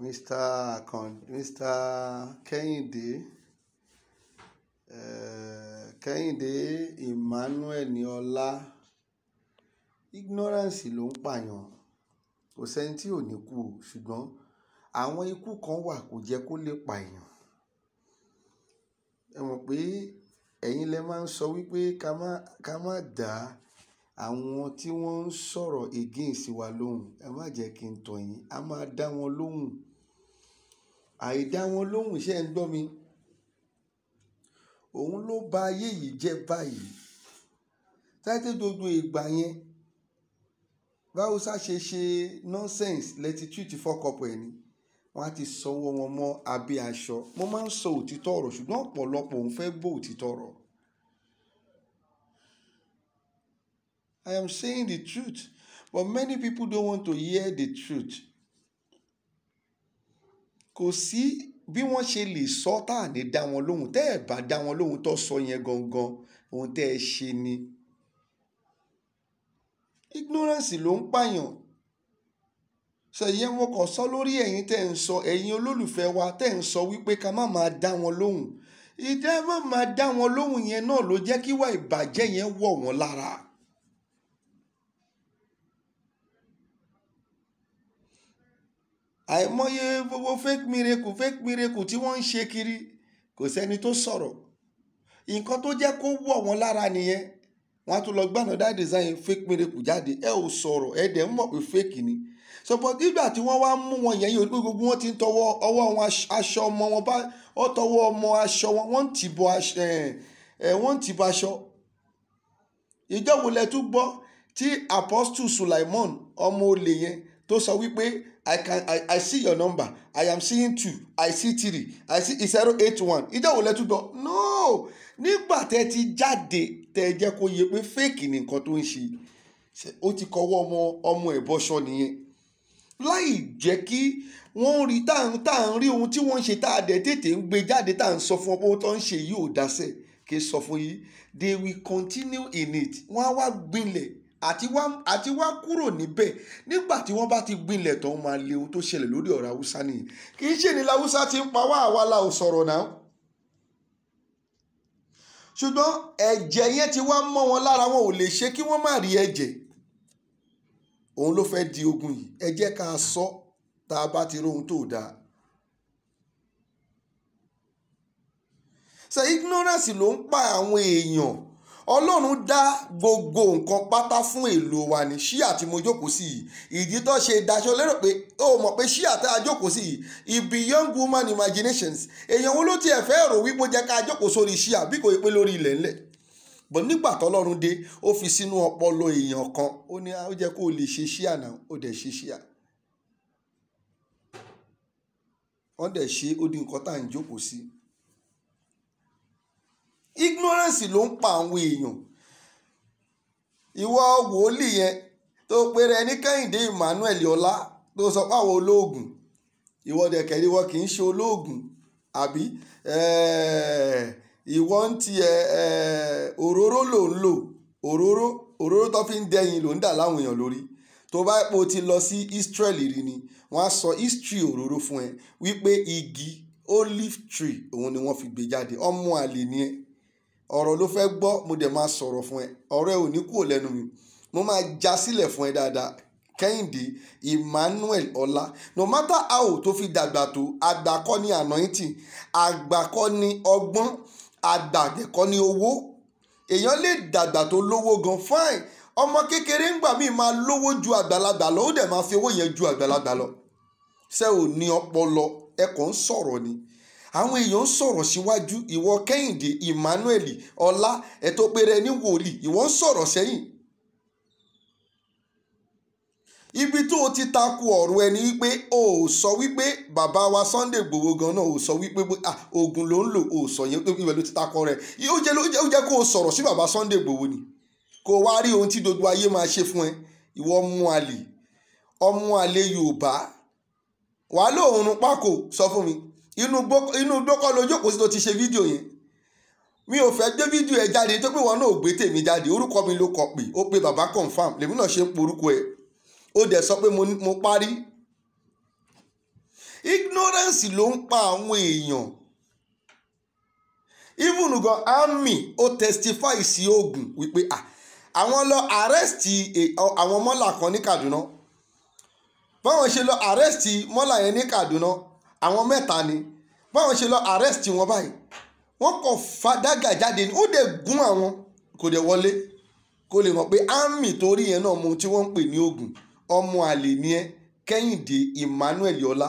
mr kan mr kẹ́hìndé um kẹ́hìndé emmanuel ní ignorance ló ń pààyàn kò sẹ́ni tí ò ní kú o ṣùgbọ́n àwọn ikú kan wà kò jẹ́ kó lè pààyàn ẹ mọ̀ pé ẹ̀yin lẹ máa ń sọ wípé ká má ká má dá àwọn tí wọ́n ń sọ̀rọ̀ against wa lóhùn ẹ má jẹ́ kí n tọ̀ a máa dá wọn lóhùn àìdá wọn lóhùn iṣẹ́ ń gbọ́ mi òun ló ba ayé yìí jẹ́ báyìí táìtẹ́ gbogbo ìgbà yẹn báwùsá ṣe ṣe nonsense lẹ́títúùtì fọ́kọ̀pọ̀ ẹ̀ ni wọ́n á ti sanwó wọn mọ́ abẹ́ aṣọ mo máa ń sọ òtítọ́ ọ̀rọ̀ ṣùgbọ́n ọ̀pọ̀lọpọ̀ òun fẹ́ bó òtítọ́ ọ̀rọ̀ I am saying the truth but many people don't want to hear the truth kò sí bí wọ́n ṣe lè sọ tá à ní dá wọn lóhùn tẹ́ ẹ̀ bá dá wọn lóhùn tó sọ yẹn gangan ohun tẹ́ ẹ ṣe ni. ignorance ló ń pààyàn sọ ìyẹn wọn kàn sọ lórí ẹ̀yin tẹ́ ń sọ ẹ̀yin olólùfẹ́ wa tẹ́ ń sọ wípé ká má máa dá wọn lóhùn ìdá má máa dá wọn lóhùn yẹn náà ló jẹ́ kíwà ìbàjẹ́ yẹn wọ̀ wọ́n lára. àìmọye gbogbo fake miracle fake miracle tí wọ́n ń ṣe kiri kò sẹ́ni tó sọ̀rọ̀ nǹkan tó jẹ́ kó wọ̀ wọ́n lára nìyẹn wọ́n á tún lọ gbàna dá design fake miracle jáde ẹ ò sọ̀rọ̀ ẹ dẹ̀ ń mọ̀ pé fake ni sọpọ́ nígbà tí wọ́n wá mú wọn yẹn yóò pé gbogbo wọn ti ń tọwọ́ ọwọ́ wọn aṣọ ọmọ wọn bá ọ tọwọ́ ọmọ aṣọ wọn wọ́n ti bọ aṣọ ẹ wọ́n ti bọ aṣọ ìjọ́wò lẹ́tú gbọ́ tí apostle Sulaimon ọmọ olè yẹn tó sọ wípé I can I, I see your number. I am seeing two. I see three. I see zero eight one. Ìjọ́ wo lẹ tún gbọ́? No! Nígbà tẹ ti jáde tẹ jẹ́ kó yẹ pé fake ni nǹkan tó ń ṣe. Ó ti kọwọ́ ọmọ ọmọ ẹ̀ bọ́ṣọ nìyẹn. Láì jẹ́ kí wọ́n rí tá à ń tá à ń rí ohun tí wọ́n ń ṣe tá a dẹ̀ tètè ń gbé jáde tá à ń sọ fún ọmọ tó ń ṣe yìí ò dáṣẹ́ kí sọ fún yìí. They will continue in it. Wọ́n á wá gbilẹ̀ àti wá àti wá kúrò níbẹ̀ nígbà tí wọ́n bá ti gbinlẹ̀ tó máa léwu tó ṣẹlẹ̀ lórí ọ̀rọ̀ haúsá nìyí kì í ṣe ni haúsá ti ń pa wá àwa la ò sọ̀rọ̀ náà ṣùgbọ́n ẹ̀jẹ̀ yẹn ti wá mọ́ wọn lára wọn ò lè ṣe kí wọ́n má rí ẹ̀jẹ̀ òun ló fẹ́ di ogun yìí ẹ ká sọ tá a bá ti róhun tó dáa. ṣe ignorance ló ń pa àwọn èèyàn ọlọ́run dá gbogbo nǹkan pátá fún èlò wa ní ṣíà tí mo jókòó sí yìí ìdí tó ṣe daṣọ lérò pé ó mọ̀ pé ṣíà tá a sí yìí i beyond woman imaginations èèyàn wo ló tiẹ̀ fẹ́ rò wípé jẹ́ ká jókòó sórí ṣíà bí kò yẹ pé lórí ilẹ̀ ńlẹ̀ bọ̀ nígbà tọ́lọ́run dé ó fi sínú ọpọlọ èèyàn kan ó ní ó jẹ́ kó o lè ṣe ṣíà náà ó dẹ̀ ṣe ṣíà wọ́n dẹ̀ ṣe ó di nǹkan tá à ń jókòó sí. Si ignorance ló ń pa àwọn èèyàn ìwọ wòlíì yẹn tó péré ní kẹ́hìndé emmanuel ọlá tó sọ pé àwọn olóògùn ìwọ dẹ̀kẹ̀rí wọn kì í ṣe olóògùn àbí ìwọ ń ti òróró ló ń lò òróró òróró tó fi ń dẹyin ló ń dà láwọn èèyàn lórí tó bá pò ti lọ sí israeli rí ni wọ́n á sọ history òróró fún ẹ wípé igi olive tree òun ni wọ́n fi gbé jáde ọmọ àlè ni ẹ ọ̀rọ̀ ló fẹ́ gbọ́ mo dẹ̀ máa sọ̀rọ̀ fún ẹ ọ̀rọ̀ ẹ ò ní kúrò lẹ́nu mi mo máa já sílẹ̀ fún ẹ dáadáa kẹ́hìndé emmanuel ọlá no matter how tó fi dàgbà tó àgbà kọ́ ni anointing àgbà kọ́ ni ọgbọ́n àgbà kọ́ ni owó èèyàn lè dàgbà tó lówó gan fine ọmọ kékeré ń gbà míì máa lówó ju àgbàlagbà lọ ó dẹ̀ máa fi owó yẹn ju àgbàlagbà lọ ṣé ò ní ọpọlọ ẹ kàn ń sọ̀rọ̀ ni àwọn èèyàn ń sọ̀rọ̀ síwájú ìwọ kẹ́hìndé emmanuel ọlá ẹ̀tọ́ péré ní wòlíì ìwọ ń sọ̀rọ̀ sẹ́yìn. ibi tó o ti takò ọ̀rọ̀ ẹni wípé o ò sọ wípé bàbá wa sunday gbowó gan náà o sọ wípé oògùn ló ń lò o sọ yẹn tó ibẹ̀ ló ti takò rẹ̀ ó jẹ́ kó o sọ̀rọ̀ sí bàbá sunday gbowó ni kó o wá rí ohun tí gbogbo ayé máa ṣe fún ẹ ìwọ mú àlè ọmú àlè yorùbá wàá lóòrùn pákó sọ fún mi inú gbókọ́ lójókòó sí tó ti ṣe fídíò yẹn mi ò fẹ́ gbé fídíò ẹ̀ jáde tó pé wọn náà ò gbé tèmi jáde orúkọ mi ló kọ pé ó pe bàbá confam lèmi náà ṣe ń porúkọ ẹ̀ ó dẹ̀ sọ pé mo parí ignorance ló ń pa àwọn èèyàn even gan army ó testify sí ogun wípé àwọn lọ arrest e, àwọn mọ́là kan ní Kaduna báwọn ṣe lọ arrest mọ́là yẹn ní Kaduna àwọn mẹ́ta ni báwọn ṣe lọ arrest wọn báyìí wọ́n kàn fa dága jáde ó dẹ̀ gún àwọn kò dẹ̀ wọlé kó lè mọ̀ pé ámì torí yẹn náà mo tí wọ́n ń pè ní ogun ọmọ àlè ni ẹ́ kẹ́hìndé emmanuel ọlá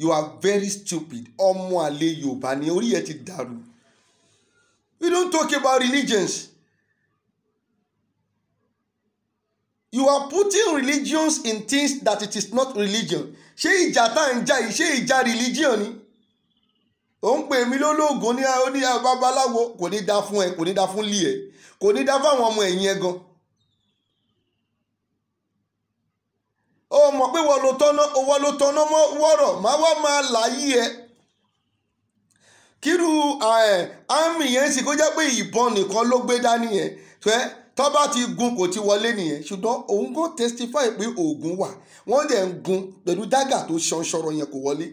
you are very stupid ọmọ àlè yorùbá ni orí yẹn ti dàrú we don't talk about religions you are putting religions in things that it is not religion ṣé ìjà tá à ń jà yìí ìjà religion ni ò ń pè mí lólóògùn ní oní ah, babaláwo kò ní da fún ẹ kò ní da fún lì ẹ kò ní da fáwọn ọmọ ẹ̀yìn ẹ gan. ó mọ̀ pé wọ́n ló tọ́nà wọ́n ló tọ́nà mọ́ wọ́rọ̀ máa wá máa láyé ẹ kírú àmì eh, yẹn sì kó jẹ́ pé ìbọn nìkan ló gbé dání yẹn tó ti gun kò ti wọlé nìyẹn ṣùgbọ́n òun kò testify pé oògùn wà wọ́n dẹ̀ ń gun pẹ̀lú dágà tó ṣanṣọrọ yẹn kò wọlé.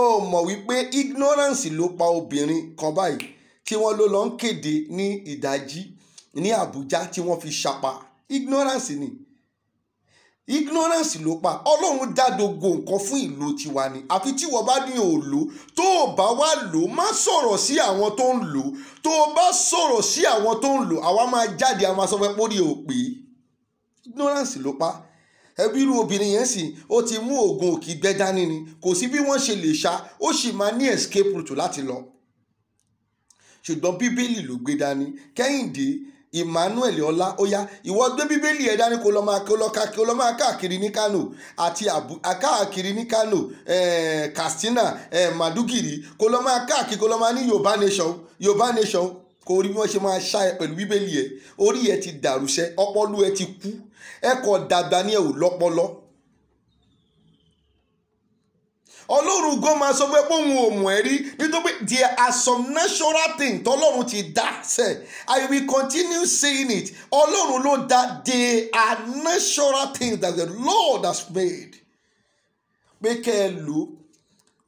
ó mọ̀ wípé ignorance ló pa obìnrin kan báyìí tí wọ́n ló lọ ń kéde ní ìdájí ní Àbújá tí wọ́n fi ṣapa ignorance ni ignorance ló pa ọlọ́run dá gbogbo nǹkan fún ìlò tiwa ni àfi tí wọ́n bá ní ò lò tó o bá wá lò má sọ̀rọ̀ sí àwọn tó ń lò tó o bá sọ̀rọ̀ sí àwọn tó ń lò àwa máa jáde àwa sọ pórí ò ignorance ló pa ẹbí irú obìnrin yẹn sì ó ti mú oògùn òkì gbẹ dání ni kò sí bí wọ́n ṣe lè ṣá ó sì máa ní escape route láti lọ ṣùgbọ́n bíbélì ló gbé dání kẹ́hìndé Emmanuel Ọlá óyá ìwọ gbé bíbélì ẹ dání kó lọ máa kó lọ kó lọ máa káàkiri ní Kano àti káàkiri ní Kano eh, Katsina eh, Madugiri kó lọ máa káàkiri kó lọ máa ní Yorùbá nation Yorùbá nation kò rí bí wọ́n ṣe máa ṣá ẹ pẹ̀lú bíbélì ẹ orí ẹ ti dàrúṣẹ́ ọpọlọ ẹ ti kú ẹ kò dàgbà ní ẹ ò lọ́pọlọ ọlọ́run gan máa sọ pé òun ò mọ̀ ẹ́ rí nítorí pé there are some natural things tọ́lọ́run ti dá sẹ́ I will continue saying it ọlọ́run ló dá there are natural things that the Lord has made pé kẹ́ ẹ lò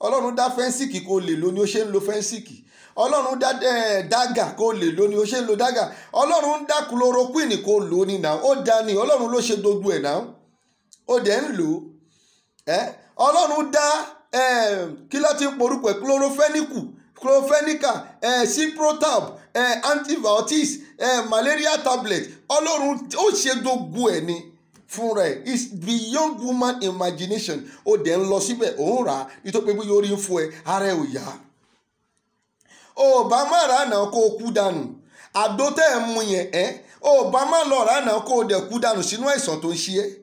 ọlọ́run dá fẹ́ńsìkì kó lè lò ó ṣe ń lo fẹ́ńsìkì ọlọ́run dá dága kó lè lò ni ó ṣe ń lo dága ọlọ́run dá chloroquine kó lò ni náà ó dá ni ọlọ́run ló ṣe gbogbo ẹ̀ náà ó dẹ̀ ń lò ọlọ́run dá. kí ló ti ń clorofenica, ẹ̀ chlorofeniku malaria tablet ọlọ́run ó ṣe gbogbo ẹ̀ ni fúnra ẹ̀ is young woman imagination o dẹ̀ n lọ síbẹ̀ o n ra nítorí pé yori n rí ẹ ara ẹ̀ ò yá ọba má rà náà kó o kú dànù àdó tẹ́ ẹ̀ mú yẹn ẹ́ lọ ra náà kó o dẹ̀ kú ṣe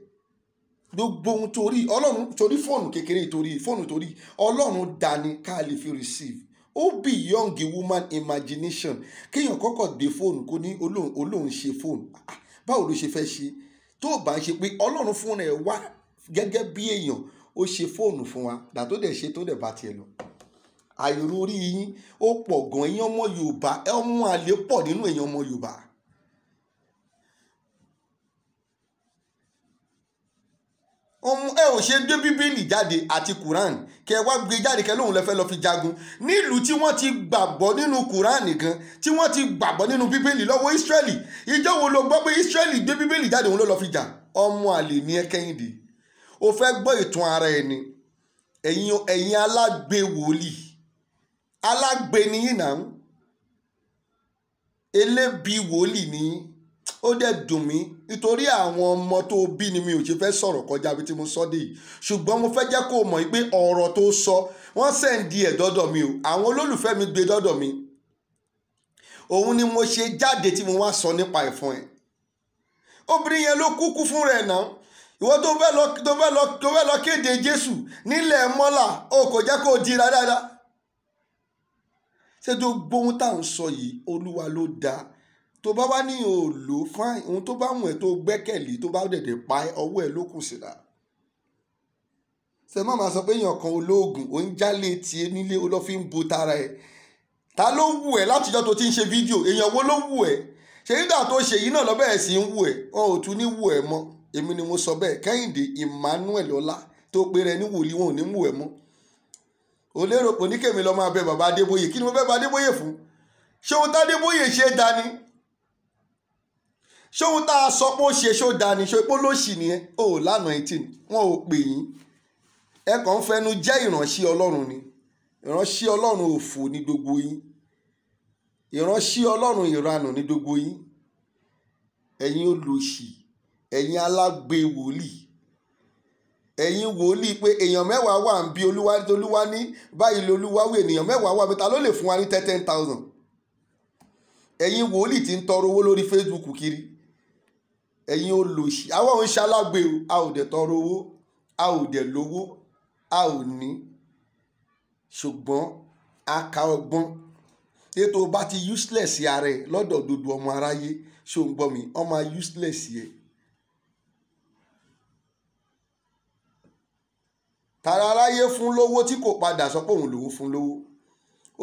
gbogbo ohun torí ọlọ́run torí fóònù kékeré torí fóònù torí ọlọ́run dání ká fi receive ó beyond woman imagination kéèyàn kọ́kọ́ dé fóònù kó ní olóhùn olóhùn ṣe fóònù báwo ló ṣe fẹ́ ṣe tó bá ń ṣe pé ọlọ́run fúnra ẹ̀ wá gẹ́gẹ́ bí èèyàn ó ṣe fóònù fún wa dà tó dẹ̀ ṣe tó dẹ̀ bá tiẹ̀ lọ àìrórí yín ó pọ̀ gan-an ẹ̀yin ọmọ yorùbá ọmọ àlè pọ̀ nínú ẹ̀yin ọmọ yorùbá ẹ ò ṣe gbé bíbélì jáde àti quran kẹ wá gbé jáde kẹ lóun lẹ fẹ́ lọ fi jagun nílùú tí wọ́n ti gbàgbọ́ nínú quran nìkan tí wọ́n ti gbàgbọ́ nínú bíbélì lọ́wọ́ israeli ìjọ wo ló gbọ́ pé israeli gbé bíbélì jáde òun ló lọ fi jà ọmọ àlè ní ẹ kẹ́hìndé o fẹ́ gbọ́ ìtàn ara ẹni ẹ̀yin ẹ̀yin alágbe wòlíì alágbe nìyí náà elébi wòlíì nìyí ó dẹ̀ dùn mí nítorí àwọn ọmọ tó bí ni mi ò ṣe fẹ́ sọ̀rọ̀ kọjá bí tí mo sọ dé yìí ṣùgbọ́n mo fẹ́ jẹ́ kó o mọ̀ pé ọ̀rọ̀ tó sọ wọ́n sẹ́ǹdì ẹ̀ dọ́dọ̀ mi o àwọn olólùfẹ́ mi gbé dọ́dọ̀ mi òun ni mo ṣe jáde tí mo wá sọ nípa ẹ̀ fún ẹ̀ obìnrin yẹn ló kúkú fún rẹ̀ náà ìwọ tó fẹ́ lọ tó fẹ́ lọ tó fẹ́ lọ kéde Jésù nílẹ̀ mọ́là o kò jẹ́ kó o dira dáadáa ṣé tó gbóhùn tá sọ yìí Olúwa ló dáa tó bá wá ní òòlò fáìn ohun tó bá wùn ẹ́ tó gbẹ́kẹ̀lé tó bá dẹ̀dẹ̀ pa ọwọ́ ẹ̀ ló kù síra ṣe má máa sọ pé èèyàn kan olóògùn ò ń jálè tiẹ̀ nílé ó lọ́ fi ń bo tara ẹ̀ ta ló wù ẹ́ látijọ́ tó ti ń ṣe fídíò èèyàn wo ló wù ẹ́ ṣe nígbà tó ṣe yìí náà lọ bẹ́ẹ̀ sí ń wù ẹ́ wọn ò tún ní wù ẹ́ mọ́ èmi ni mo sọ bẹ́ẹ̀ kẹ́hìndé emmanuel ọlá tó pe rẹ ní wòlíì wọn ò ní wù ẹ́ mọ́ o lérò pé oníkèmí lọ máa bẹ bàbá adébóyè kí ni mo bẹ bàbá adébóyè fún ṣé ohun tá adébóyè ṣe dání ṣóhun tá a sọ pé ó ṣe ṣó dání ṣó pé lóṣì nìyẹn o lánàá eighteen wọn ò pè yín ẹ kàn ń fẹnu jẹ́ ìránṣẹ́ ọlọ́run ni ìránṣẹ́ ọlọ́run òfò ní gbogbo yín ìránṣẹ́ ọlọ́run ìranù ní gbogbo yín ẹ̀yin olóṣì ẹ̀yin alágbe wòlíì ẹ̀yin wòlíì pé èèyàn mẹ́wàá wà ń bí olúwa olúwa ní báyìí lolúwa wí ènìyàn mẹ́wàá wà mẹ́ta ló lè fún wa ní ten thousand ẹ̀yin wòlíì ti ń tọrọ owó lórí Facebook kiri ẹ̀yin olòṣì àwọn òun ṣalágbe o a ò dẹ̀ tọrọ owó a ò dẹ̀ lówó a ò ní ṣùgbọ́n a ka ọgbọ́n ètò bá ti useless ara ẹ lọ́dọ̀ dodo ọmọ aráyé ṣó ń gbọ́ mi ọmọ useless yẹ. tara aráyé fún lówó tí kò padà sọ pé òun lòun fún lówó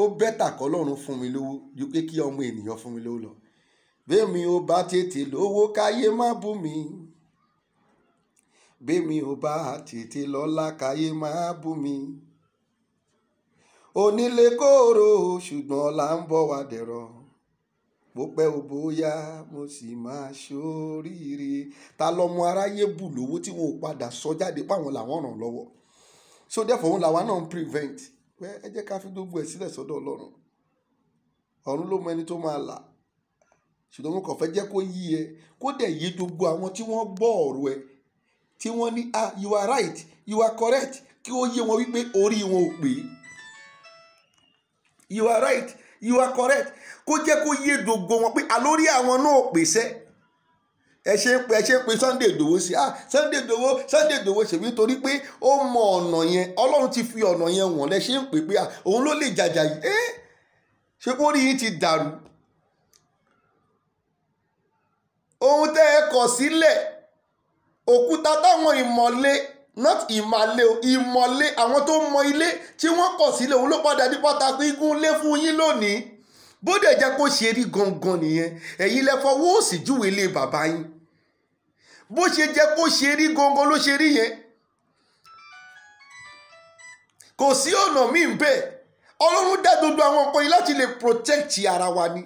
ó bẹ́tà kọ́ lọ́run fún mi lówó ju pé kí ọmọ ènìyàn fún mi lówó lọ. bẹ́mi ò bá tètè lówó káyé má bú mi bẹ́mi ò bá tètè lọ́lá káyé má bú mi onílé kóró ṣùgbọ́n ọ̀la ń bọ̀ wá mo pẹ́ o bóyá mo sì máa ta lọmọ aráyé bù lówó tí wọn ò padà sọ jáde páwọn làwọn ràn lọ́wọ́ so therefore òun làwọn náà ń prevent ẹ jẹ́ ká fi gbogbo ẹ̀ sílẹ̀ sọ́dọ̀ ọlọ́run ọ̀run ló mọ ṣùgbọ́n mo kàn fẹ́ jẹ́ kó yí ẹ kó dẹ̀ yí gbogbo àwọn tí wọ́n gbọ́ ọ̀rọ̀ ẹ tí wọ́n ní ah you are right you are correct kí ó yé wọn wípé orí wọn ò pé you are right you are correct kó jẹ́ kó yé gbogbo wọn pé àlórí ah, àwọn náà ò pèsè ẹ ṣe ń pe ẹ ṣe ń pe Sunday Igboho sí ah Sunday Igboho Sunday Igboho ṣèbí torí pé ó mọ ọ̀nà yẹn Ọlọ́run ti fi ọ̀nà yẹn wọ̀n lẹ ṣe ń pè pé ah òun ló lè jàjà yìí ṣé kó rí yín ti dàrú ohun tẹ́ ẹ kọ̀ sílẹ̀ òkúta táwọn ìmọ̀le not ìmàle ìmọ̀le àwọn tó mọ ilé tí wọ́n kọ̀ sílẹ̀ òun ló padà ní pàtàkì igun lé fún yín lónìí bóde jẹ́ kó ṣe rí gangan nìyẹn ẹ̀yin lẹ fọwọ́ òsì júwe ilé bàbá yín bó ṣe jẹ́ kó ṣe rí gangan ló ṣe rí yẹn kò sí ọ̀nà míì bẹ́ẹ̀ ọlọ́run dá gbogbo àwọn nǹkan yìí láti lè protect ara wa ni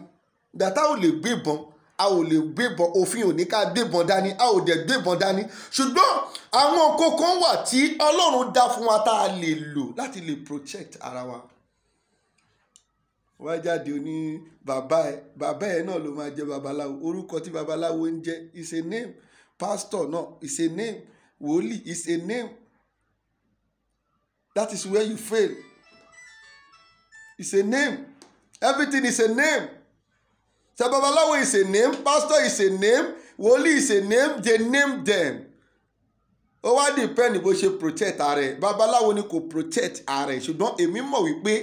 dàtà ò lè gbébọn a ò lè gbébọn òfin ò ní ká gbébọn dání a ò dẹ̀ gbébọn dání ṣùgbọ́n àwọn kókó wà tí ọlọ́run dá fún wa tá a lè lò láti lè protect ara wa wá jáde oní bàbá ẹ bàbá ẹ náà ló máa jẹ babaláwo orúkọ tí babaláwo ń jẹ is a name pastor náà is a name wòlíì is a name that is where you fail is a name everything is a name So Babalawo is a name, pastor is a name, woli is a name, they name them. Ó wá depend bó ṣe protect ara ẹ̀. Babaláwo ni kò protect ara ẹ̀ ṣùgbọ́n èmi mọ̀ wípé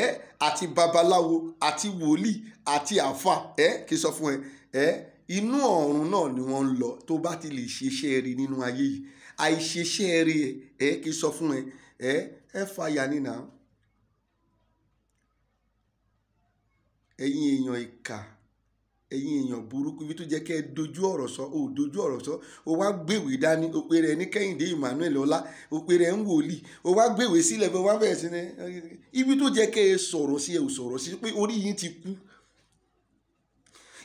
ẹ àti babaláwo àti wòlíì àti àfa ẹ kì í sọ fún ẹ ẹ inú ọ̀run náà ni wọ́n ń lọ tó bá ti lè ṣeṣẹ́ rí nínú ayé yìí àìṣeṣẹ́ rí ẹ ẹ kì í sọ fún ẹ ẹ ẹ fàyà nínà ẹ̀yin èèyàn ìkà. eyi èèyàn burúkú ibi tó jẹ́ kẹ́ ẹ dojú ọ̀rọ̀ sọ ò dojú ọ̀rọ̀ sọ ó wá gbèwé dání òpè ní Emmanuel Ọlá òpè rẹ̀ ń wòlíì ó wá gbèwé sílẹ̀ fún wá sí ibi tó jẹ́ kẹ́ ẹ sí ẹ ti kú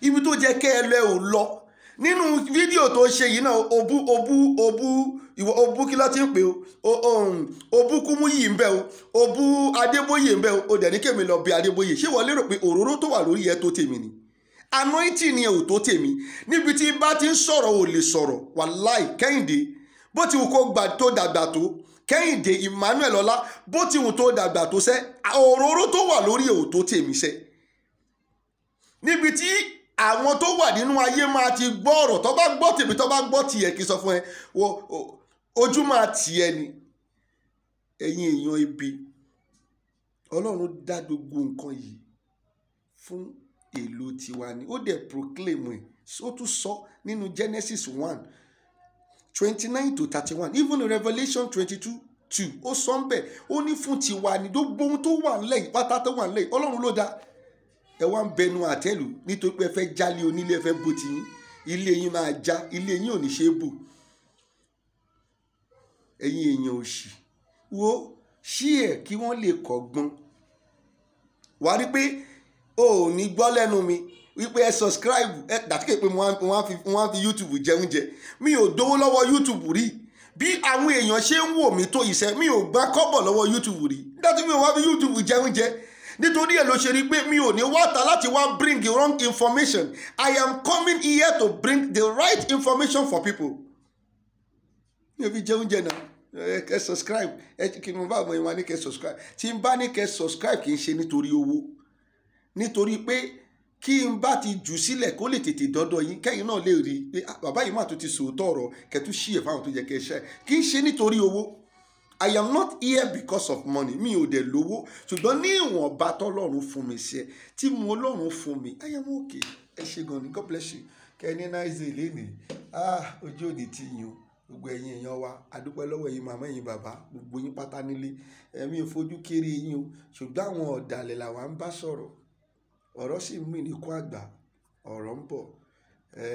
ibi tó jẹ́ kẹ́ ẹ lọ ò lọ nínú fídíò tó ṣe yìí náà ìwọ ti ń pè o obú kúmú yìí ń bẹ o obú adébóyè ń bẹ o ò anointing ni ò tó tèmi níbi tí bá ti ń sọ̀rọ̀ ò lè sọ̀rọ̀ wàláì kẹ́hìndé bó ti wù kó gbà tó dàgbà tó kẹ́hìndé emmanuel ọlá bó ti wù tó dàgbà tó sẹ́ òróró tó wà lórí ò tó tèmi sẹ́ níbi tí àwọn tó wà nínú ayé máa ti gbọ́ ọ̀rọ̀ tó bá gbọ́ tèmi tó bá gbọ́ tìyẹ kí sọ fún ẹ ojú máa tìyẹ ni ẹ̀yin èèyàn ibi ọlọ́run dá gbogbo nǹkan yìí fún ìlú tiwa ni ó dẹ̀ proclaim ẹ̀ ó tún sọ nínú Genesis one twenty nine to thirty one even Revelation twenty two two ó sọ ń bẹ̀ ó ní fún tiwa ni gbogbo ohun tó wà nílẹ̀ yìí pátá tó wà nílẹ̀ yìí Ọlọ́run ló dá ẹ wá ń bẹnu àtẹ́lù nítorí pé ẹ fẹ́ jálé onílé ẹ fẹ́ bó ti yín ilé yín máa já ilé yín ò ní ṣe é bò ẹ̀yin èèyàn òṣì wo ṣí ẹ̀ kí wọ́n lè kọ́gbọ́n wàá rí pé o ò ní gbọ́ lẹ́nu mi wípé ẹ subscribe ẹ dàtíkè pé wọ́n á fi YouTube jẹun jẹ mi ò dówó lọ́wọ́ YouTube rí bí àwọn èèyàn ṣe ń wò mí tó iṣẹ́ mi ò gbà kọ́bọ̀ lọ́wọ́ YouTube rí dátí mi ò wá fi YouTube jẹun jẹ nítorí ẹ̀ ló ṣe rí pé mi ò ní wáta láti wá bring the wrong information I am coming here to bring the right information for people. mi ò fi jẹ oúnjẹ náà kẹ́ subscribe ẹ kí n bá àwọn ìwà ní kẹ́ subscribe tí n bá ní kẹ́ subscribe kì í ṣe nítorí owó nítorí pé kí n bá ti jù sílẹ̀ kó lè tètè dọ́dọ̀ yín kẹ́yìn náà lè rí i pé ah, bàbá yìí mà tó ti sòótọ́ ọ̀rọ̀ kẹtù sí ẹ̀ fáwọn tó yẹ kẹ́ ṣe kì í ṣe nítorí owó I am not here because of money mi ò dẹ̀ lówó ṣùgbọ́n ní ìwọ̀nba tọ́lọ́run fún mi ṣe tí mo ọlọ́run fún mi I am okay ẹ ṣe gan ni God bless you kẹ́ni náìzè lẹ́nìí ah ojú òní ti yín o gbogbo ẹ̀yin èèyàn wa adúpẹ́ lọ́wọ́ yín màmá yín bàbá gbogbo yín pátá nílé ẹ̀mí ò fojú kéré yín o ṣùgbọ́n àwọn ọ̀dàlẹ̀ làwa bá sọ̀rọ̀ ọ̀rọ̀ sì ń mì ní kó àgbà ọ̀rọ̀ ń bọ̀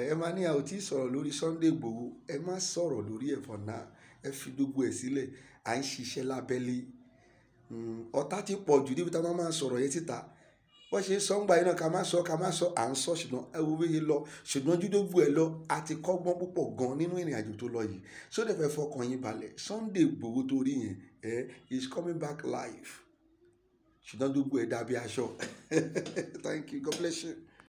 ẹ máa ní a tí sọ̀rọ̀ lórí Sunday Igboho ẹ má sọ̀rọ̀ lórí ẹ̀ for now ẹ fi gbogbo ẹ̀ sílẹ̀ à ń ṣiṣẹ́ lábẹ́lé hmm, ọ̀tá ti pọ̀ jù níbi tá a máa sọ̀rọ̀ yẹn síta wọ́n ṣe sọ́ngbà yìí náà ká má sọ ká má sọ à ń sọ ṣùgbọ́n ẹwọ́ wéye lọ ṣùgbọ́n júdógbù ẹ lọ a ti kọ́gbọ́n púpọ̀ gan nínú ìrìn àjò tó lọ yìí sódẹ̀ fẹ́ fọkàn yín balẹ̀ Sunday Igboho torí yẹn ẹ is coming back live ṣùgbọ́n gbogbo ẹ̀ dàbí aṣọ thank you god bless you.